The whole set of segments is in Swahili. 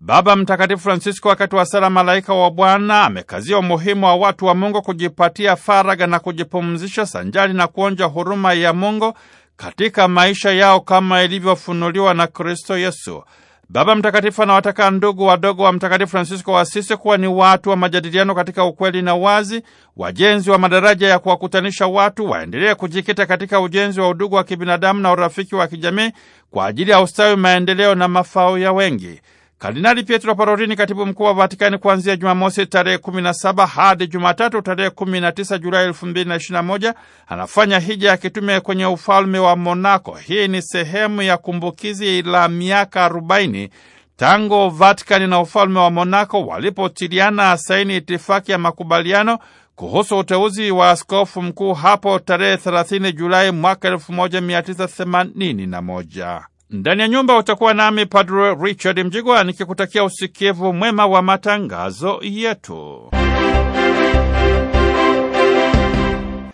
Baba Mtakatifu Francisco wakati wa sala Malaika wa Bwana amekazia umuhimu wa watu wa Mungu kujipatia faraga na kujipumzisha sanjali na kuonja huruma ya Mungu katika maisha yao kama ilivyofunuliwa na Kristo Yesu. Baba Mtakatifu anawataka ndugu wadogo wa Mtakatifu Fransisko wa Asisi kuwa ni watu wa majadiliano katika ukweli na wazi, wajenzi wa madaraja ya kuwakutanisha watu, waendelee kujikita katika ujenzi wa udugu wa kibinadamu na urafiki wa kijamii kwa ajili ya ustawi, maendeleo na mafao ya wengi. Kardinali Pietro Parolini, katibu mkuu wa Vatikani, kuanzia Jumamosi tarehe 17 hadi Jumatatu tarehe 19 Julai 2021 anafanya hija ya kitume kwenye ufalme wa Monaco. Hii ni sehemu ya kumbukizi la miaka 40 tangu Vatikani na ufalme wa Monaco walipotiliana saini itifaki ya makubaliano kuhusu uteuzi wa askofu mkuu hapo tarehe 30 Julai mwaka 1981. Ndani ya nyumba utakuwa nami Padre Richard Mjigwa nikikutakia usikivu mwema wa matangazo yetu.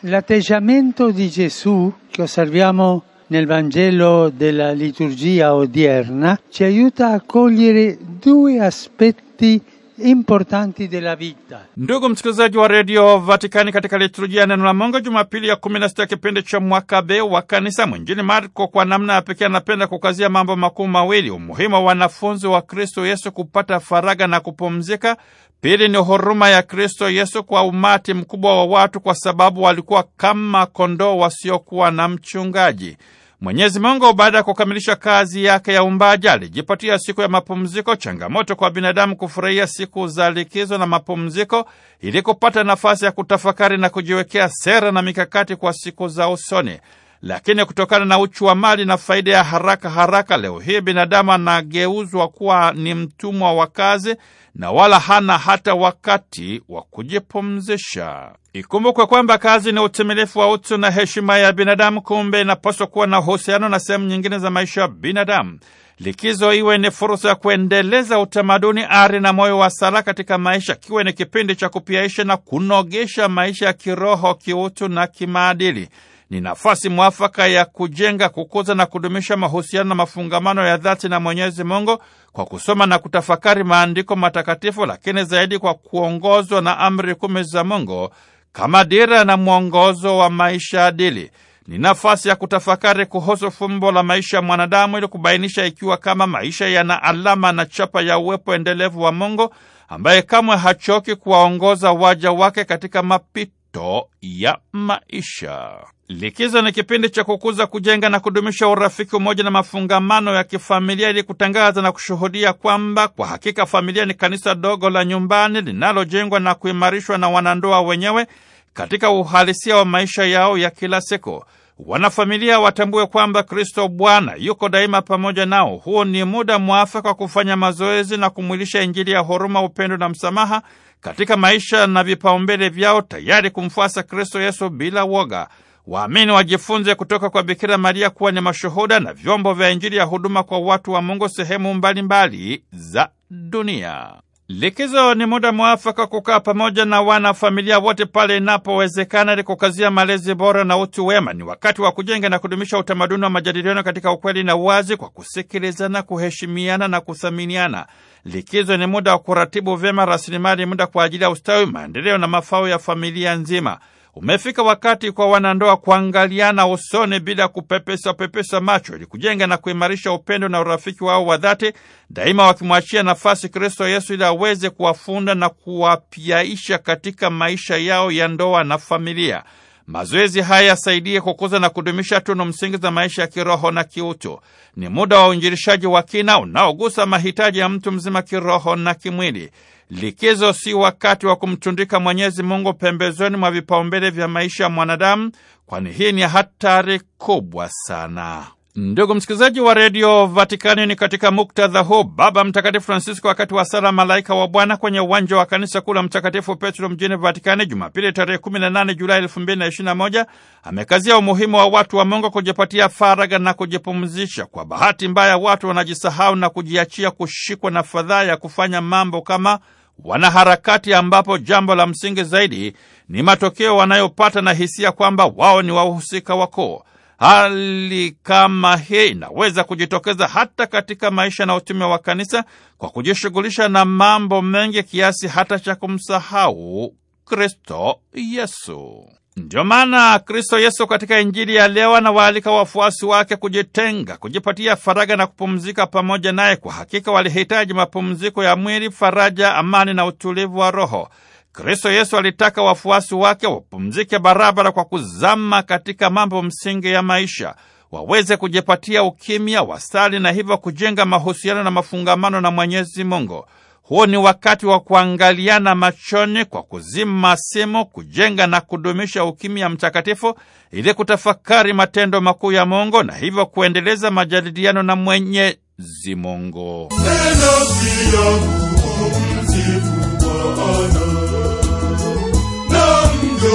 L'atteggiamento di Gesù che osserviamo nel Vangelo della liturgia odierna ci aiuta a cogliere due aspetti importanti della vita. Ndugu msikilizaji wa redio Vatikani, katika liturujia ya neno la Mungu Jumapili ya 16 na kipindi cha mwaka B wa kanisa, mwinjili Marko kwa namna ya pekee anapenda kukazia mambo makuu mawili: umuhimu wa wanafunzi wa Kristo Yesu kupata faraga na kupumzika; pili ni huruma ya Kristo Yesu kwa umati mkubwa wa watu, kwa sababu walikuwa kama kondoo wasiokuwa na mchungaji. Mwenyezi Mungu baada ya kukamilisha kazi yake ya umbaji alijipatia siku ya mapumziko, changamoto kwa binadamu kufurahia siku za likizo na mapumziko ili kupata nafasi ya kutafakari na kujiwekea sera na mikakati kwa siku za usoni. Lakini kutokana na uchu wa mali na faida ya haraka haraka, leo hii binadamu anageuzwa kuwa ni mtumwa wa kazi na wala hana hata wakati wa kujipumzisha. Ikumbukwe kwamba kazi ni utimilifu wa utu na heshima ya binadamu, kumbe inapaswa kuwa na uhusiano na sehemu nyingine za maisha ya binadamu. Likizo iwe ni fursa ya kuendeleza utamaduni, ari na moyo wa sala katika maisha, kiwe ni kipindi cha kupiaisha na kunogesha maisha ya kiroho, kiutu na kimaadili. Ni nafasi mwafaka ya kujenga, kukuza na kudumisha mahusiano na mafungamano ya dhati na Mwenyezi Mungu kwa kusoma na kutafakari maandiko matakatifu, lakini zaidi kwa kuongozwa na amri kumi za Mungu kama dira na mwongozo wa maisha adili. Ni nafasi ya kutafakari kuhusu fumbo la maisha ya mwanadamu ili kubainisha ikiwa kama maisha yana alama na chapa ya uwepo endelevu wa Mungu ambaye kamwe hachoki kuwaongoza waja wake katika mapito mito ya maisha. Likizo ni kipindi cha kukuza, kujenga na kudumisha urafiki, umoja na mafungamano ya kifamilia ili kutangaza na kushuhudia kwamba kwa hakika familia ni kanisa dogo la nyumbani linalojengwa na kuimarishwa na wanandoa wenyewe katika uhalisia wa maisha yao ya kila siku. Wanafamilia watambue kwamba Kristo Bwana yuko daima pamoja nao. Huo ni muda mwafaka wa kufanya mazoezi na kumwilisha Injili ya huruma, upendo na msamaha katika maisha na vipaumbele vyao, tayari kumfuasa Kristo Yesu bila woga. Waamini wajifunze kutoka kwa Bikira Maria kuwa ni mashuhuda na vyombo vya Injili ya huduma kwa watu wa Mungu sehemu mbalimbali mbali za dunia. Likizo ni muda mwafaka kukaa pamoja na wanafamilia wote pale inapowezekana ili kukazia malezi bora na utu wema. Ni wakati wa kujenga na kudumisha utamaduni wa majadiliano katika ukweli na uwazi, kwa kusikilizana, kuheshimiana na kuthaminiana. Likizo ni muda wa kuratibu vyema rasilimali muda kwa ajili ya ustawi, maendeleo na mafao ya familia nzima. Umefika wakati kwa wanandoa kuangaliana usoni bila kupepesa pepesa macho ili kujenga na kuimarisha upendo na urafiki wao wa dhati daima, wakimwachia nafasi Kristo Yesu ili aweze kuwafunda na kuwapiaisha katika maisha yao ya ndoa na familia. Mazoezi haya yasaidie kukuza na kudumisha tunu msingi za maisha ya kiroho na kiutu. Ni muda wa uinjirishaji wa kina unaogusa mahitaji ya mtu mzima kiroho na kimwili. Likizo si wakati wa kumtundika Mwenyezi Mungu pembezoni mwa vipaumbele vya maisha ya mwanadamu, kwani hii ni hatari kubwa sana. Ndugu msikilizaji wa redio Vatikani, ni katika muktadha huu Baba Mtakatifu Francisco, wakati wa sala Malaika wa Bwana kwenye uwanja wa kanisa kuu la Mtakatifu Petro mjini Vatikani Jumapili tarehe 18 Julai 2021 amekazia umuhimu wa watu wa Mungu kujipatia faraga na kujipumzisha. Kwa bahati mbaya, watu wanajisahau na kujiachia kushikwa na fadhaa ya kufanya mambo kama wanaharakati, ambapo jambo la msingi zaidi ni matokeo wanayopata na hisia kwamba wao ni wahusika wakuu. Hali kama hii inaweza kujitokeza hata katika maisha na utume wa kanisa kwa kujishughulisha na mambo mengi kiasi hata cha kumsahau Kristo Yesu. Ndio maana Kristo Yesu katika Injili ya leo anawaalika wafuasi wake kujitenga, kujipatia faraga na kupumzika pamoja naye. Kwa hakika walihitaji mapumziko ya mwili, faraja, amani na utulivu wa roho. Kristo Yesu alitaka wafuasi wake wapumzike barabara kwa kuzama katika mambo msingi ya maisha, waweze kujipatia ukimya, wasali na hivyo kujenga mahusiano na mafungamano na Mwenyezi Mungu. Huo ni wakati wa kuangaliana machoni kwa kuzima simu, kujenga na kudumisha ukimya mtakatifu ili kutafakari matendo makuu ya Mungu na hivyo kuendeleza majadiliano na Mwenyezi Mungu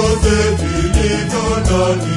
vyote vilivyo ndani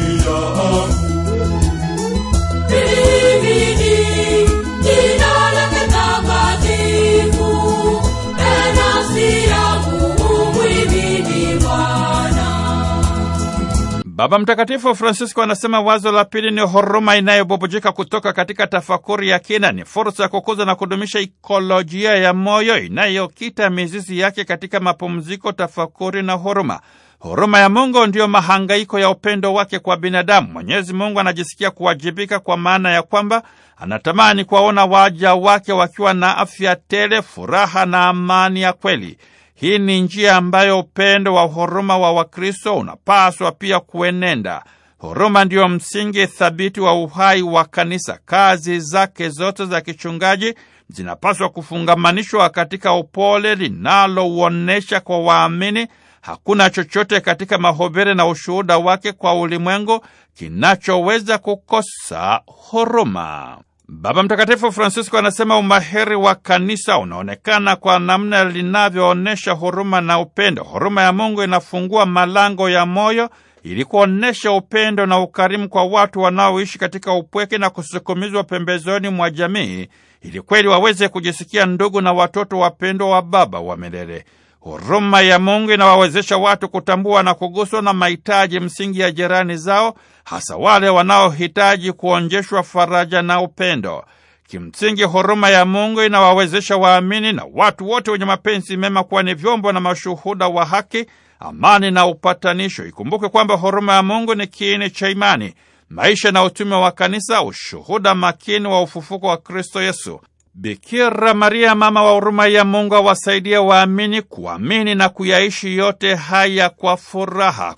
Baba Mtakatifu Francisco anasema wazo la pili ni huruma inayobubujika kutoka katika tafakuri ya kina. Ni fursa ya kukuza na kudumisha ikolojia ya moyo inayokita mizizi yake katika mapumziko, tafakuri na huruma. Huruma ya Mungu ndiyo mahangaiko ya upendo wake kwa binadamu. Mwenyezi Mungu anajisikia kuwajibika kwa maana ya kwamba anatamani kuwaona waja wake wakiwa na afya tele, furaha na amani ya kweli. Hii ni njia ambayo upendo wa huruma wa Wakristo unapaswa pia kuenenda. Huruma ndiyo msingi thabiti wa uhai wa kanisa. Kazi zake zote za kichungaji zinapaswa kufungamanishwa katika upole linalouonyesha kwa waamini Hakuna chochote katika mahubiri na ushuhuda wake kwa ulimwengu kinachoweza kukosa huruma. Baba Mtakatifu Francisco anasema umahiri wa kanisa unaonekana kwa namna linavyoonyesha huruma na upendo. Huruma ya Mungu inafungua malango ya moyo ili kuonyesha upendo na ukarimu kwa watu wanaoishi katika upweke na kusukumizwa pembezoni mwa jamii, ili kweli waweze kujisikia ndugu na watoto wapendwa wa Baba wa milele. Huruma ya Mungu inawawezesha watu kutambua na kuguswa na mahitaji msingi ya jirani zao, hasa wale wanaohitaji kuonjeshwa faraja na upendo. Kimsingi, huruma ya Mungu inawawezesha waamini na watu wote wenye mapenzi mema kuwa ni vyombo na mashuhuda wa haki, amani na upatanisho. Ikumbuke kwamba huruma ya Mungu ni kiini cha imani, maisha na utume wa kanisa, ushuhuda makini wa ufufuko wa Kristo Yesu. Bikira Maria mama wa huruma ya Mungu awasaidie waamini kuamini na kuyaishi yote haya kwa furaha.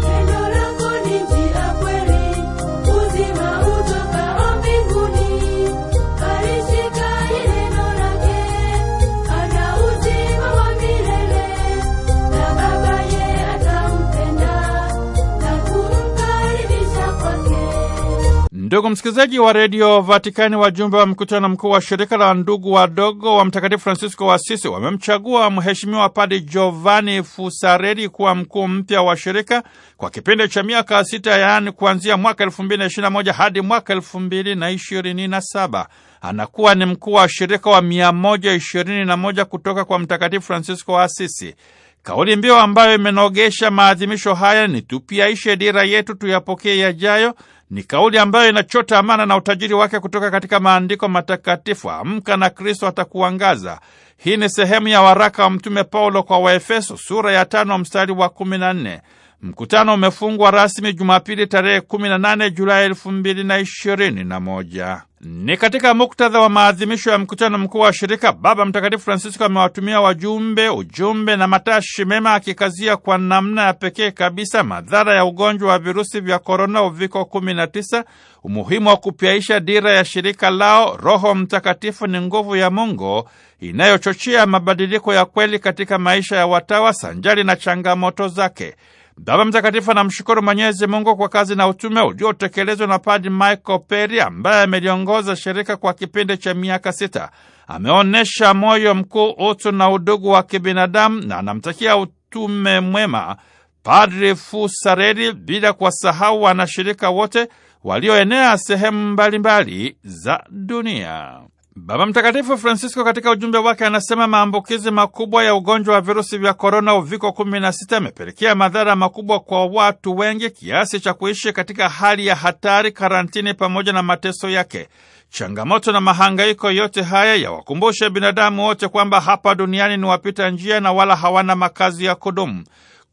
Ndugu msikilizaji wa redio Vatikani, wajumbe wa mkutano mkuu wa shirika la ndugu wadogo wa Mtakatifu Francisco wa Sisi wamemchagua Mheshimiwa Padi Giovanni Fusareli kuwa mkuu mpya wa shirika kwa kipindi cha miaka sita, yaani kuanzia mwaka elfu mbili na ishirini na moja hadi mwaka elfu mbili na ishirini na saba. Anakuwa ni mkuu wa shirika wa mia moja ishirini na moja kutoka kwa Mtakatifu Francisco wa Asisi. Kauli mbiu ambayo imenogesha maadhimisho haya ni tupiaishe dira yetu, tuyapokee yajayo ni kauli ambayo inachota amana na utajiri wake kutoka katika maandiko matakatifu. Amka na Kristo atakuangaza. Hii ni sehemu ya waraka wa Mtume Paulo kwa Waefeso sura ya tano mstari wa kumi na nne. Mkutano umefungwa rasmi Jumapili tarehe 18 Julai 2021. Ni katika muktadha wa maadhimisho ya mkutano mkuu wa shirika, Baba Mtakatifu Francisco amewatumia wajumbe ujumbe na matashi mema, akikazia kwa namna ya pekee kabisa madhara ya ugonjwa wa virusi vya korona uviko 19, umuhimu wa kupyaisha dira ya shirika lao, Roho Mtakatifu ni nguvu ya Mungu inayochochea mabadiliko ya kweli katika maisha ya watawa sanjari na changamoto zake. Baba Mtakatifu anamshukuru Mwenyezi Mungu kwa kazi na utume uliotekelezwa na Padre Michael Peri ambaye ameliongoza shirika kwa kipindi cha miaka sita. Ameonyesha moyo mkuu, utu na udugu wa kibinadamu na anamtakia utume mwema Padri Fusareli, bila kuwasahau wanashirika wote walioenea sehemu mbalimbali za dunia. Baba Mtakatifu Francisco katika ujumbe wake anasema maambukizi makubwa ya ugonjwa wa virusi vya korona uviko 16 amepelekea madhara makubwa kwa watu wengi kiasi cha kuishi katika hali ya hatari, karantini pamoja na mateso yake. Changamoto na mahangaiko yote haya yawakumbushe binadamu wote kwamba hapa duniani ni wapita njia na wala hawana makazi ya kudumu.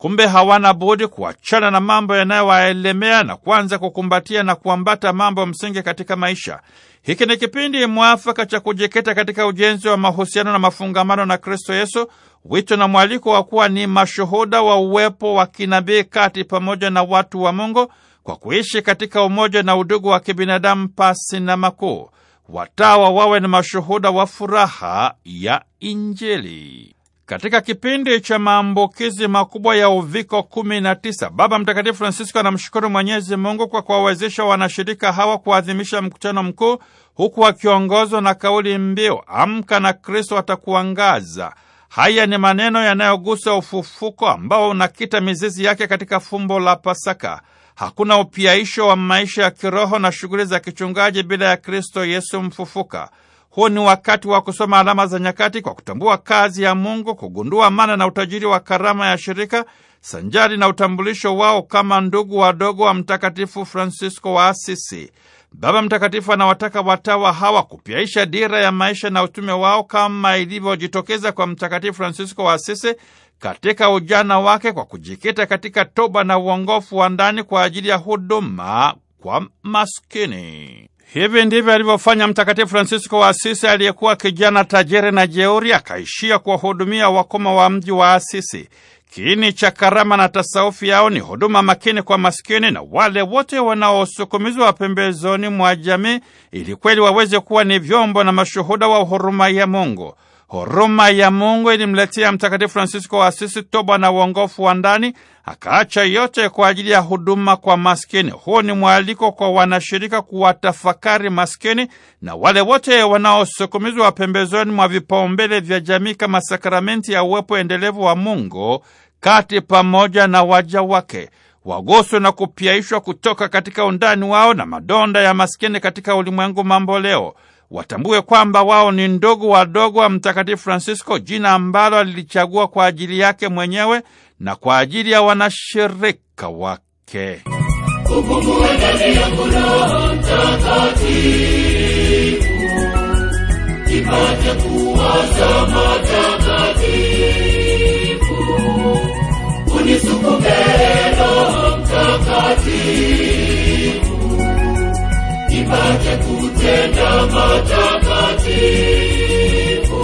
Kumbe hawana budi kuachana na mambo yanayowaelemea na kuanza kukumbatia na kuambata mambo msingi katika maisha. Hiki ni kipindi mwafaka cha kujikita katika ujenzi wa mahusiano na mafungamano na Kristo Yesu, wito na mwaliko wa kuwa ni mashuhuda wa uwepo wa kinabii kati pamoja na watu wa Mungu kwa kuishi katika umoja na udugu wa kibinadamu pasi na makuu. Watawa wawe ni mashuhuda wa furaha ya Injili katika kipindi cha maambukizi makubwa ya uviko 19, Baba Mtakatifu Francisco anamshukuru Mwenyezi Mungu kwa kuwawezesha wanashirika hawa kuadhimisha mkutano mkuu, huku wakiongozwa na kauli mbiu amka na Kristo atakuangaza. Haya ni maneno yanayogusa ufufuko ambao unakita mizizi yake katika fumbo la Pasaka. Hakuna upiaisho wa maisha ya kiroho na shughuli za kichungaji bila ya Kristo Yesu mfufuka. Huu ni wakati wa kusoma alama za nyakati kwa kutambua kazi ya Mungu, kugundua maana na utajiri wa karama ya shirika sanjari na utambulisho wao kama ndugu wadogo wa Mtakatifu francisco wa Asisi. Baba Mtakatifu anawataka watawa hawa kupyaisha dira ya maisha na utume wao kama ilivyojitokeza kwa Mtakatifu francisco wa Asisi katika ujana wake kwa kujikita katika toba na uongofu wa ndani kwa ajili ya huduma kwa maskini. Hivi ndivyo alivyofanya Mtakatifu Fransisko wa Asisi, aliyekuwa kijana tajiri na jeuri, akaishia kuwahudumia wakoma wa mji wa Asisi. Kiini cha karama na tasaufi yao ni huduma makini kwa maskini na wale wote wanaosukumizwa pembezoni mwa jamii, ili kweli waweze kuwa ni vyombo na mashuhuda wa huruma ya Mungu. Huruma ya Mungu ilimletea Mtakatifu Fransisko wa Asisi toba na uongofu wa ndani, akaacha yote kwa ajili ya huduma kwa maskini. Huu ni mwaliko kwa wanashirika kuwatafakari maskini na wale wote wanaosukumizwa pembezoni mwa vipaumbele vya jamii kama sakramenti ya uwepo endelevu wa Mungu kati pamoja na waja wake, waguswe na kupyaishwa kutoka katika undani wao na madonda ya maskini katika ulimwengu mambo leo watambue kwamba wao ni ndugu wadogo wa Mtakatifu Fransisko, jina ambalo alilichagua kwa ajili yake mwenyewe na kwa ajili ya wanashirika wake. Mtakatifu kutenda matakatifu.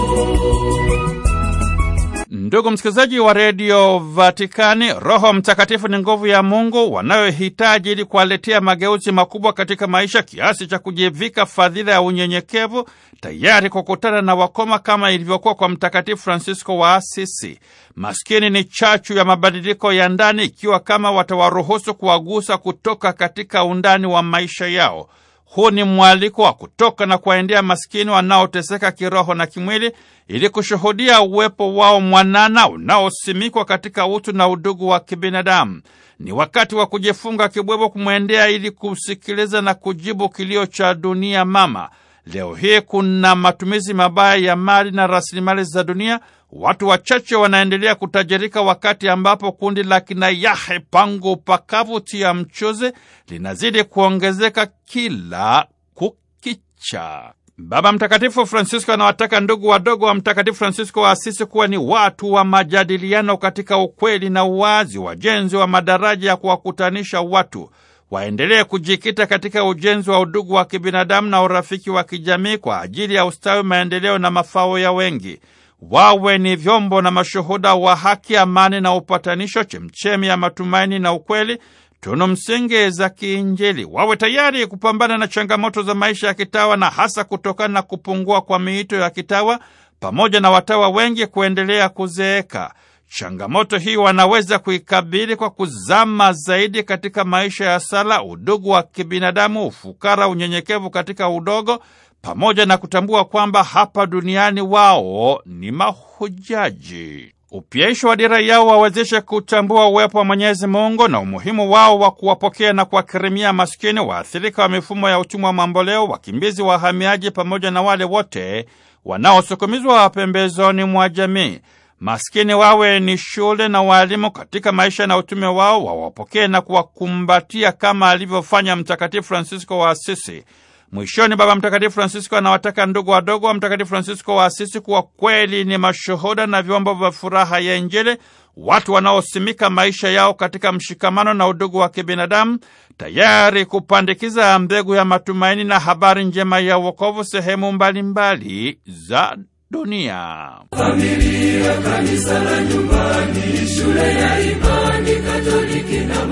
Ndugu msikilizaji wa redio Vatikani, Roho Mtakatifu ni nguvu ya Mungu wanayohitaji ili kuwaletea mageuzi makubwa katika maisha, kiasi cha kujivika fadhila ya unyenyekevu, tayari kukutana na wakoma, kama ilivyokuwa kwa Mtakatifu francisco wa Asisi. Maskini ni chachu ya mabadiliko ya ndani, ikiwa kama watawaruhusu kuwagusa kutoka katika undani wa maisha yao. Huu ni mwaliko wa kutoka na kuwaendea maskini wanaoteseka kiroho na kimwili, ili kushuhudia uwepo wao mwanana unaosimikwa katika utu na udugu wa kibinadamu. Ni wakati wa kujifunga kibwebo, kumwendea ili kusikiliza na kujibu kilio cha dunia mama. Leo hii kuna matumizi mabaya ya mali na rasilimali za dunia Watu wachache wanaendelea kutajirika wakati ambapo kundi la kina Yahe pango pakavu tia mchuzi linazidi kuongezeka kila kukicha. Baba Mtakatifu Francisco anawataka ndugu wadogo wa Mtakatifu Francisco waasisi kuwa ni watu wa majadiliano katika ukweli na uwazi, wajenzi wa madaraja ya kuwakutanisha watu waendelee kujikita katika ujenzi wa udugu wa kibinadamu na urafiki wa kijamii kwa ajili ya ustawi, maendeleo na mafao ya wengi wawe ni vyombo na mashuhuda wa haki, amani na upatanisho, chemchemi ya matumaini na ukweli, tunu msingi za kiinjili. Wawe tayari kupambana na changamoto za maisha ya kitawa na hasa kutokana na kupungua kwa miito ya kitawa pamoja na watawa wengi kuendelea kuzeeka. Changamoto hii wanaweza kuikabili kwa kuzama zaidi katika maisha ya sala, udugu wa kibinadamu, ufukara, unyenyekevu katika udogo pamoja na kutambua kwamba hapa duniani wao ni mahujaji. Upyaisho wa dira yao wawezeshe kutambua uwepo wa Mwenyezi Mungu na umuhimu wao wa kuwapokea na kuwakirimia maskini, waathirika wa mifumo ya wa mamboleo, wakimbizi, wahamiaji, pamoja na wale wote wanaosukumizwa pembezoni mwa jamii. Maskini wawe ni shule na waalimu katika maisha na utume wao, wawapokee na kuwakumbatia kama alivyofanya Mtakatifu francisco wa Asisi. Mwishoni, Baba Mtakatifu Francisco anawataka ndugu wadogo wa Mtakatifu Francisco wa Asisi kuwa kweli ni mashuhuda na vyombo vya furaha ya Injili, watu wanaosimika maisha yao katika mshikamano na udugu wa kibinadamu, tayari kupandikiza mbegu ya matumaini na habari njema ya wokovu sehemu mbalimbali mbali za dunia. Familia, kanisa la nyumbani, shule ya imani Katoliki na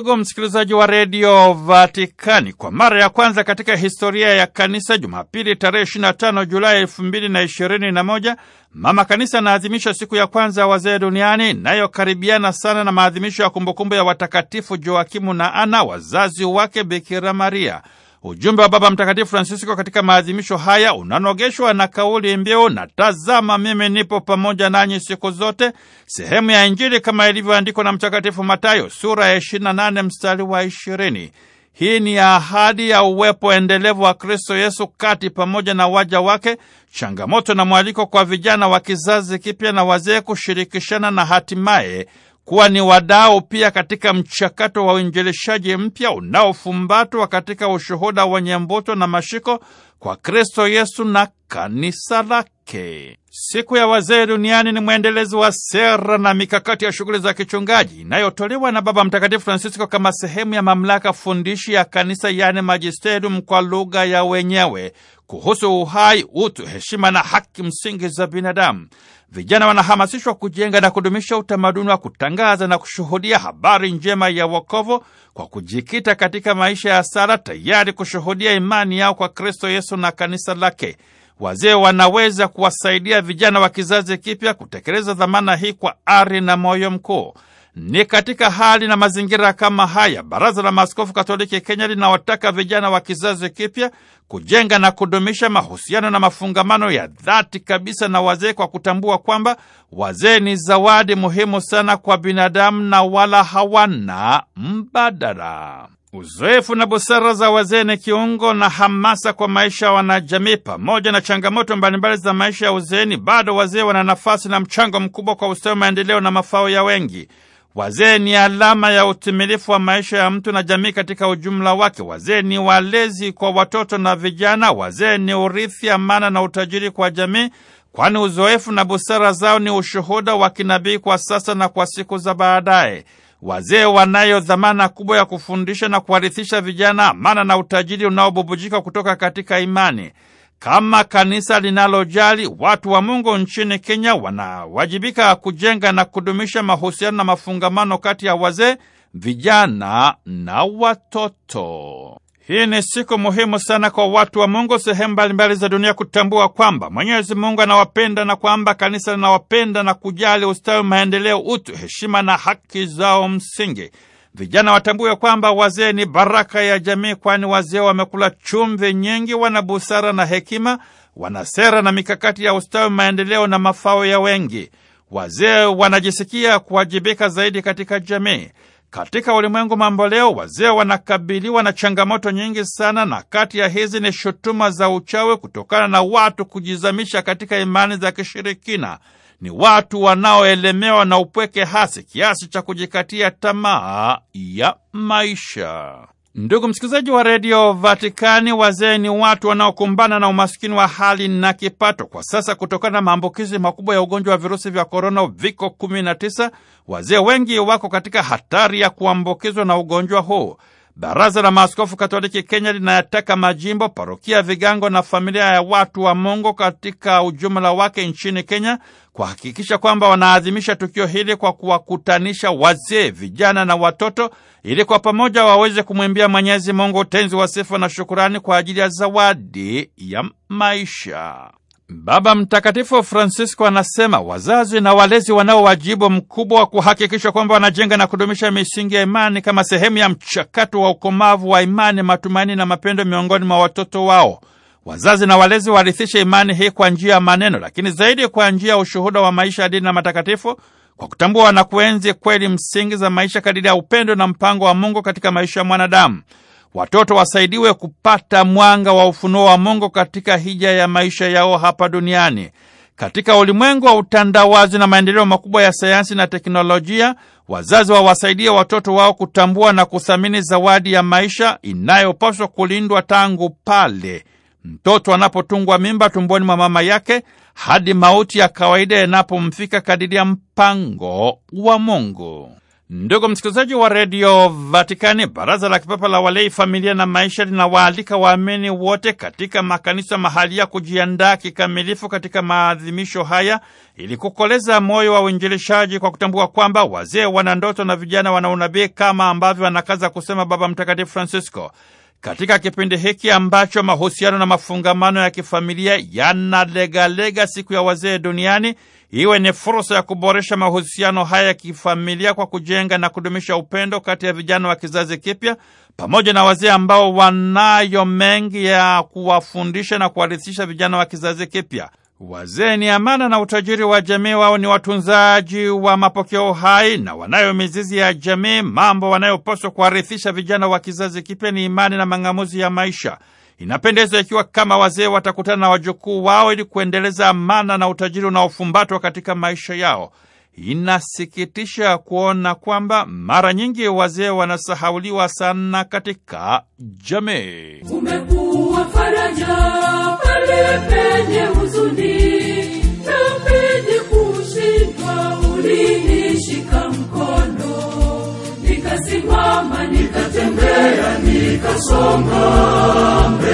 Ndugu msikilizaji wa redio Vatikani, kwa mara ya kwanza katika historia ya kanisa, Jumapili tarehe 25 Julai 2021, mama kanisa anaadhimisha siku ya kwanza ya wazee duniani inayokaribiana sana na maadhimisho ya kumbukumbu ya watakatifu Joakimu na Ana, wazazi wake Bikira Maria. Ujumbe wa Baba Mtakatifu Francisco katika maadhimisho haya unanogeshwa na kauli mbiu na tazama mimi nipo pamoja nanyi siku zote, sehemu ya Injili kama ilivyoandikwa na Mtakatifu Matayo sura ya 28 mstari wa 20. Hii ni ahadi ya uwepo endelevu wa Kristo Yesu kati pamoja na waja wake, changamoto na mwaliko kwa vijana wa kizazi kipya na wazee kushirikishana na hatimaye kuwa ni wadau pia katika mchakato wa uinjilishaji mpya unaofumbatwa katika ushuhuda wenye mbuto na mashiko kwa Kristo Yesu na kanisa lake yake. Siku ya wazee duniani ni mwendelezo wa sera na mikakati ya shughuli za kichungaji inayotolewa na Baba Mtakatifu Francisco kama sehemu ya mamlaka fundishi ya kanisa, yaani magisterium kwa lugha ya wenyewe, kuhusu uhai, utu, heshima na haki msingi za binadamu. Vijana wanahamasishwa kujenga na kudumisha utamaduni wa kutangaza na kushuhudia habari njema ya wokovu kwa kujikita katika maisha ya sala, tayari kushuhudia imani yao kwa Kristo Yesu na kanisa lake. Wazee wanaweza kuwasaidia vijana wa kizazi kipya kutekeleza dhamana hii kwa ari na moyo mkuu. Ni katika hali na mazingira kama haya, Baraza la Maaskofu Katoliki Kenya linawataka vijana wa kizazi kipya kujenga na kudumisha mahusiano na mafungamano ya dhati kabisa na wazee kwa kutambua kwamba wazee ni zawadi muhimu sana kwa binadamu na wala hawana mbadala. Uzoefu na busara za wazee ni kiungo na hamasa kwa maisha ya wanajamii. Pamoja na changamoto mbalimbali za maisha ya uzeeni, bado wazee wana nafasi na mchango mkubwa kwa ustawi, maendeleo na mafao ya wengi. Wazee ni alama ya utimilifu wa maisha ya mtu na jamii katika ujumla wake. Wazee ni walezi kwa watoto na vijana. Wazee ni urithi, amana na utajiri kwa jamii, kwani uzoefu na busara zao ni ushuhuda wa kinabii kwa sasa na kwa siku za baadaye. Wazee wanayo dhamana kubwa ya kufundisha na kuharithisha vijana amana na utajiri unaobubujika kutoka katika imani. Kama kanisa linalojali watu wa Mungu nchini Kenya, wanawajibika kujenga na kudumisha mahusiano na mafungamano kati ya wazee, vijana na watoto. Hii ni siku muhimu sana kwa watu wa Mungu sehemu mbalimbali za dunia kutambua kwamba Mwenyezi Mungu anawapenda na kwamba kanisa linawapenda na kujali ustawi, maendeleo, utu, heshima na haki zao msingi. Vijana watambue kwamba wazee ni baraka ya jamii, kwani wazee wamekula chumvi nyingi, wana busara na hekima, wana sera na mikakati ya ustawi, maendeleo na mafao ya wengi. Wazee wanajisikia kuwajibika zaidi katika jamii. Katika ulimwengu mambo leo, wazee wanakabiliwa na changamoto nyingi sana, na kati ya hizi ni shutuma za uchawi kutokana na watu kujizamisha katika imani za kishirikina. Ni watu wanaoelemewa na upweke hasi kiasi cha kujikatia tamaa ya maisha. Ndugu msikilizaji wa redio Vatikani, wazee ni watu wanaokumbana na umasikini wa hali na kipato. Kwa sasa, kutokana na maambukizi makubwa ya ugonjwa wa virusi vya korona uviko 19, wazee wengi wako katika hatari ya kuambukizwa na ugonjwa huu. Baraza la Maaskofu Katoliki Kenya linayataka majimbo, parokia, vigango na familia ya watu wa Mungu katika ujumla wake nchini Kenya kuhakikisha kwamba wanaadhimisha tukio hili kwa kuwakutanisha wazee, vijana na watoto ili kwa pamoja waweze kumwimbia Mwenyezi Mungu utenzi wa sifa na shukurani kwa ajili ya zawadi ya maisha. Baba Mtakatifu Francisco anasema wazazi na walezi wanao wajibu mkubwa wa kuhakikisha kwamba wanajenga na kudumisha misingi ya imani kama sehemu ya mchakato wa ukomavu wa imani, matumaini na mapendo miongoni mwa watoto wao. Wazazi na walezi warithishe imani hii kwa njia ya maneno, lakini zaidi kwa njia ya ushuhuda wa maisha ya dini na matakatifu, kwa kutambua na kuenzi kweli msingi za maisha kadiri ya upendo na mpango wa Mungu katika maisha ya mwanadamu watoto wasaidiwe kupata mwanga wa ufunuo wa Mungu katika hija ya maisha yao hapa duniani. Katika ulimwengu wa utandawazi na maendeleo makubwa ya sayansi na teknolojia, wazazi wawasaidie watoto wao kutambua na kuthamini zawadi ya maisha inayopaswa kulindwa tangu pale mtoto anapotungwa mimba tumboni mwa mama yake hadi mauti ya kawaida yanapomfika kadiri ya mpango wa Mungu. Ndugu msikilizaji wa redio Vatikani, baraza la kipapa la walei, familia na maisha linawaalika waamini wote katika makanisa mahali ya kujiandaa kikamilifu katika maadhimisho haya ili kukoleza moyo wa uinjilishaji kwa kutambua kwamba wazee wana ndoto na vijana wana unabii kama ambavyo anakaza kusema Baba Mtakatifu Francisco katika kipindi hiki ambacho mahusiano na mafungamano ya kifamilia yanalegalega siku ya wazee duniani, iwe ni fursa ya kuboresha mahusiano haya ya kifamilia kwa kujenga na kudumisha upendo kati ya vijana wa kizazi kipya pamoja na wazee ambao wanayo mengi ya kuwafundisha na kuwarithisha vijana wa kizazi kipya. Wazee ni amana na utajiri wa jamii. Wao ni watunzaji wa mapokeo hai na wanayo mizizi ya jamii. Mambo wanayopaswa kuwarithisha vijana wa kizazi kipya ni imani na mang'amuzi ya maisha. Inapendeza ikiwa kama wazee watakutana na wajukuu wao ili kuendeleza amana na utajiri unaofumbatwa katika maisha yao. Inasikitisha kuona kwamba mara nyingi wazee wanasahauliwa sana katika jamii. Umekuwa faraja kushindwa, ulinishika nikasimama, nikatembea, nikasonga mbele.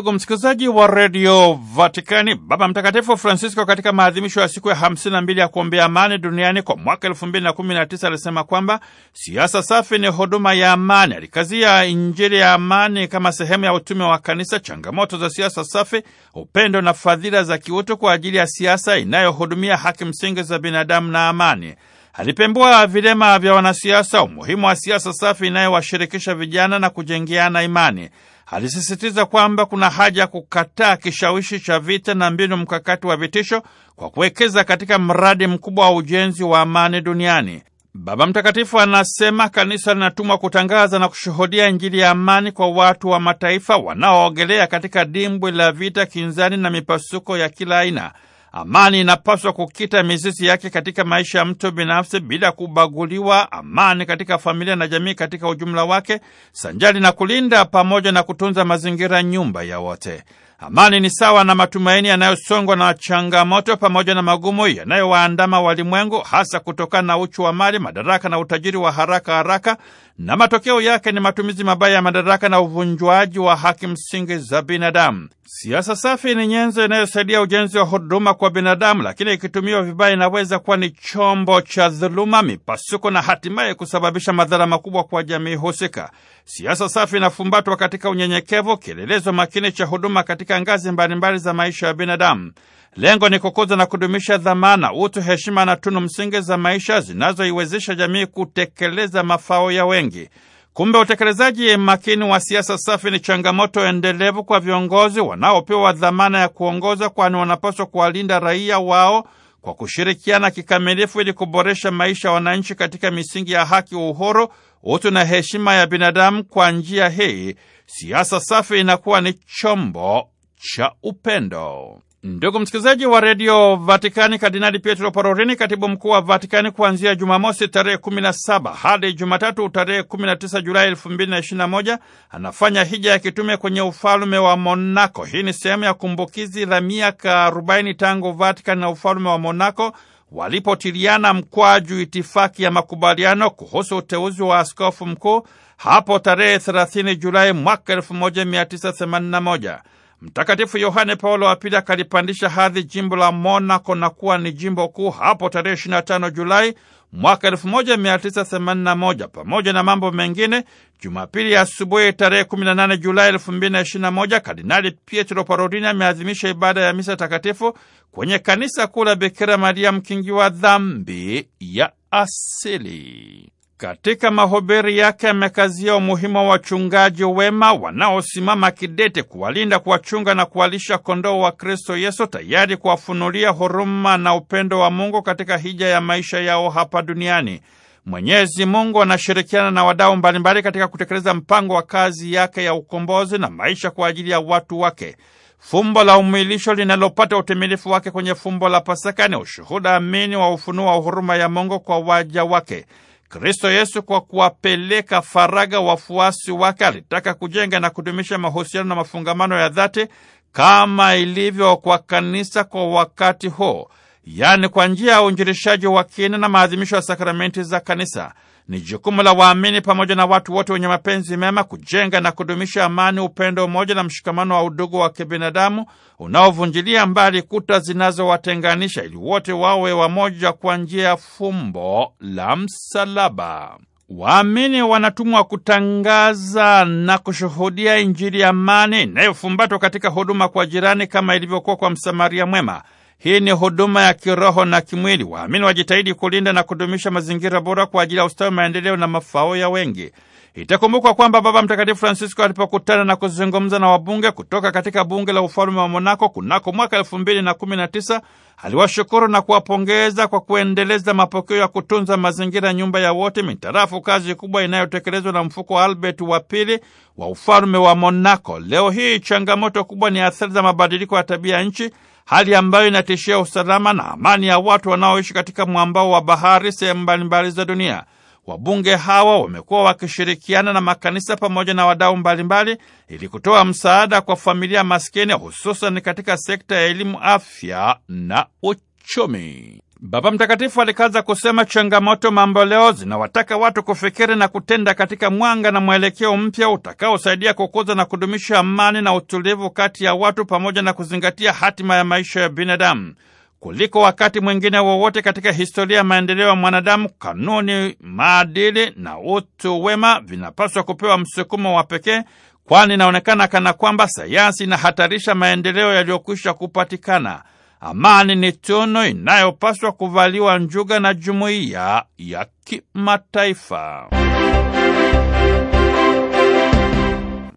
Ndugu msikilizaji wa redio Vatikani, Baba Mtakatifu Francisco katika maadhimisho ya siku ya 52 ya kuombea amani duniani kwa mwaka 2019 alisema kwamba siasa safi ni huduma ya amani. Alikazia Injili ya amani kama sehemu ya utume wa Kanisa, changamoto za siasa safi, upendo na fadhila za kiutu kwa ajili ya siasa inayohudumia haki msingi za binadamu na amani. Alipembua vilema vya wanasiasa, umuhimu wa siasa safi inayowashirikisha vijana na kujengeana imani alisisitiza kwamba kuna haja ya kukataa kishawishi cha vita na mbinu mkakati wa vitisho kwa kuwekeza katika mradi mkubwa wa ujenzi wa amani duniani. Baba Mtakatifu anasema kanisa linatumwa kutangaza na kushuhudia Injili ya amani kwa watu wa mataifa wanaoogelea katika dimbwi la vita, kinzani na mipasuko ya kila aina. Amani inapaswa kukita mizizi yake katika maisha ya mtu binafsi bila kubaguliwa, amani katika familia na jamii katika ujumla wake, sanjali na kulinda pamoja na kutunza mazingira, nyumba ya wote. Amani ni sawa na matumaini yanayosongwa na changamoto pamoja na magumu yanayowaandama walimwengu, hasa kutokana na uchu wa mali, madaraka na utajiri wa haraka haraka, na matokeo yake ni matumizi mabaya ya madaraka na uvunjwaji wa haki msingi za binadamu. Siasa safi ni nyenzo inayosaidia ujenzi wa huduma kwa binadamu, lakini ikitumiwa vibaya inaweza kuwa ni chombo cha dhuluma, mipasuko na hatimaye kusababisha madhara makubwa kwa jamii husika. Siasa safi inafumbatwa katika unyenyekevu, kielelezo makini cha huduma katika ngazi mbalimbali za maisha ya binadamu. Lengo ni kukuza na kudumisha dhamana, utu, heshima na tunu msingi za maisha zinazoiwezesha jamii kutekeleza mafao ya wengi. Kumbe utekelezaji makini wa siasa safi ni changamoto endelevu kwa viongozi wanaopewa dhamana ya kuongoza, kwani wanapaswa kuwalinda raia wao kwa kushirikiana kikamilifu ili kuboresha maisha ya wananchi katika misingi ya haki, uhuru, utu na heshima ya binadamu. Kwa njia hii, siasa safi inakuwa ni chombo cha upendo. Ndugu msikilizaji wa redio Vatikani, Kardinali Pietro Parolini, katibu mkuu wa Vatikani, kuanzia Jumamosi tarehe 17 hadi Jumatatu tarehe 19 Julai 2021 anafanya hija ya kitume kwenye ufalume wa Monako. Hii ni sehemu ya kumbukizi la miaka 40 tangu Vatikani na ufalume wa monaco walipotiliana mkwaju itifaki ya makubaliano kuhusu uteuzi wa askofu mkuu hapo tarehe 30 Julai mwaka 1981. Mtakatifu Yohane Paulo wa Pili akalipandisha hadhi jimbo la Monaco na kuwa ni jimbo kuu hapo tarehe 25 Julai mwaka 1981. Pamoja na mambo mengine, Jumapili ya asubuhi tarehe 18 Julai 2021, Kardinali Pietro Parolin ameadhimisha ibada ya misa takatifu kwenye kanisa kuu la Bikira Maria mkingi wa dhambi ya asili. Katika mahubiri yake amekazia umuhimu wa wachungaji wema wanaosimama kidete kuwalinda, kuwachunga na kuwalisha kondoo wa Kristo Yesu, tayari kuwafunulia huruma na upendo wa Mungu katika hija ya maisha yao hapa duniani. Mwenyezi Mungu anashirikiana na wadau mbalimbali katika kutekeleza mpango wa kazi yake ya ukombozi na maisha kwa ajili ya watu wake. Fumbo la umwilisho linalopata utimilifu wake kwenye fumbo la Pasaka ni ushuhuda amini wa ufunuo wa huruma ya Mungu kwa waja wake. Kristo Yesu kwa kuwapeleka faraga wafuasi wake alitaka kujenga na kudumisha mahusiano na mafungamano ya dhati kama ilivyo kwa kanisa kwa wakati huo, yaani kwa njia ya uinjirishaji wa kina na maadhimisho ya sakramenti za kanisa. Ni jukumu la waamini pamoja na watu wote wenye mapenzi mema kujenga na kudumisha amani, upendo, umoja na mshikamano wa udugu wa kibinadamu unaovunjilia mbali kuta zinazowatenganisha ili wote wawe wamoja kwa njia ya fumbo la msalaba. Waamini wanatumwa kutangaza na kushuhudia Injili ya amani inayofumbatwa katika huduma kwa jirani, kama ilivyokuwa kwa Msamaria mwema. Hii ni huduma ya kiroho na kimwili. Waamini wajitahidi kulinda na kudumisha mazingira bora kwa ajili ya ustawi, maendeleo na mafao ya wengi. Itakumbukwa kwamba Baba Mtakatifu Francisco alipokutana na kuzungumza na wabunge kutoka katika bunge la ufalume wa Monako kunako mwaka elfu mbili na kumi na tisa aliwashukuru na kuwapongeza kwa kuendeleza mapokeo ya kutunza mazingira nyumba ya wote mitarafu kazi kubwa inayotekelezwa na mfuko wa Albert wa pili wa ufalume wa Monako. Leo hii changamoto kubwa ni athari za mabadiliko ya tabia ya nchi, hali ambayo inatishia usalama na amani ya watu wanaoishi katika mwambao wa bahari sehemu mbalimbali za dunia. Wabunge hawa wamekuwa wakishirikiana na makanisa pamoja na wadau mbalimbali ili kutoa msaada kwa familia maskini, hususan katika sekta ya elimu, afya na uchumi. Baba Mtakatifu alikaza kusema changamoto mamboleo zinawataka watu kufikiri na kutenda katika mwanga na mwelekeo mpya utakaosaidia kukuza na kudumisha amani na utulivu kati ya watu pamoja na kuzingatia hatima ya maisha ya binadamu kuliko wakati mwingine wowote katika historia ya maendeleo ya mwanadamu. Kanuni, maadili na utu wema vinapaswa kupewa msukumo wa pekee, kwani inaonekana kana kwamba sayansi inahatarisha maendeleo yaliyokwisha kupatikana. Amani ni tunu inayopaswa kuvaliwa njuga na jumuiya ya kimataifa.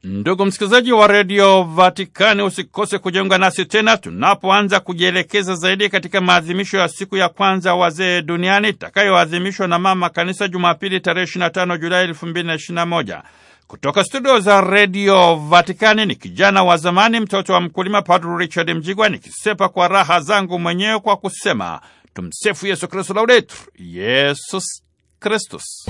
Ndugu msikilizaji wa redio Vatikani, usikose kujiunga nasi tena tunapoanza kujielekeza zaidi katika maadhimisho ya siku ya kwanza wazee duniani itakayoadhimishwa na mama kanisa Jumapili tarehe 25 Julai 2021. Kutoka studio za redio Vatikani ni kijana wa zamani, mtoto wa mkulima, Padre Richard Mjigwa, nikisepa kwa raha zangu mwenyewe kwa kusema tumsifu Yesu Kristu, laudetur Yesus Kristus.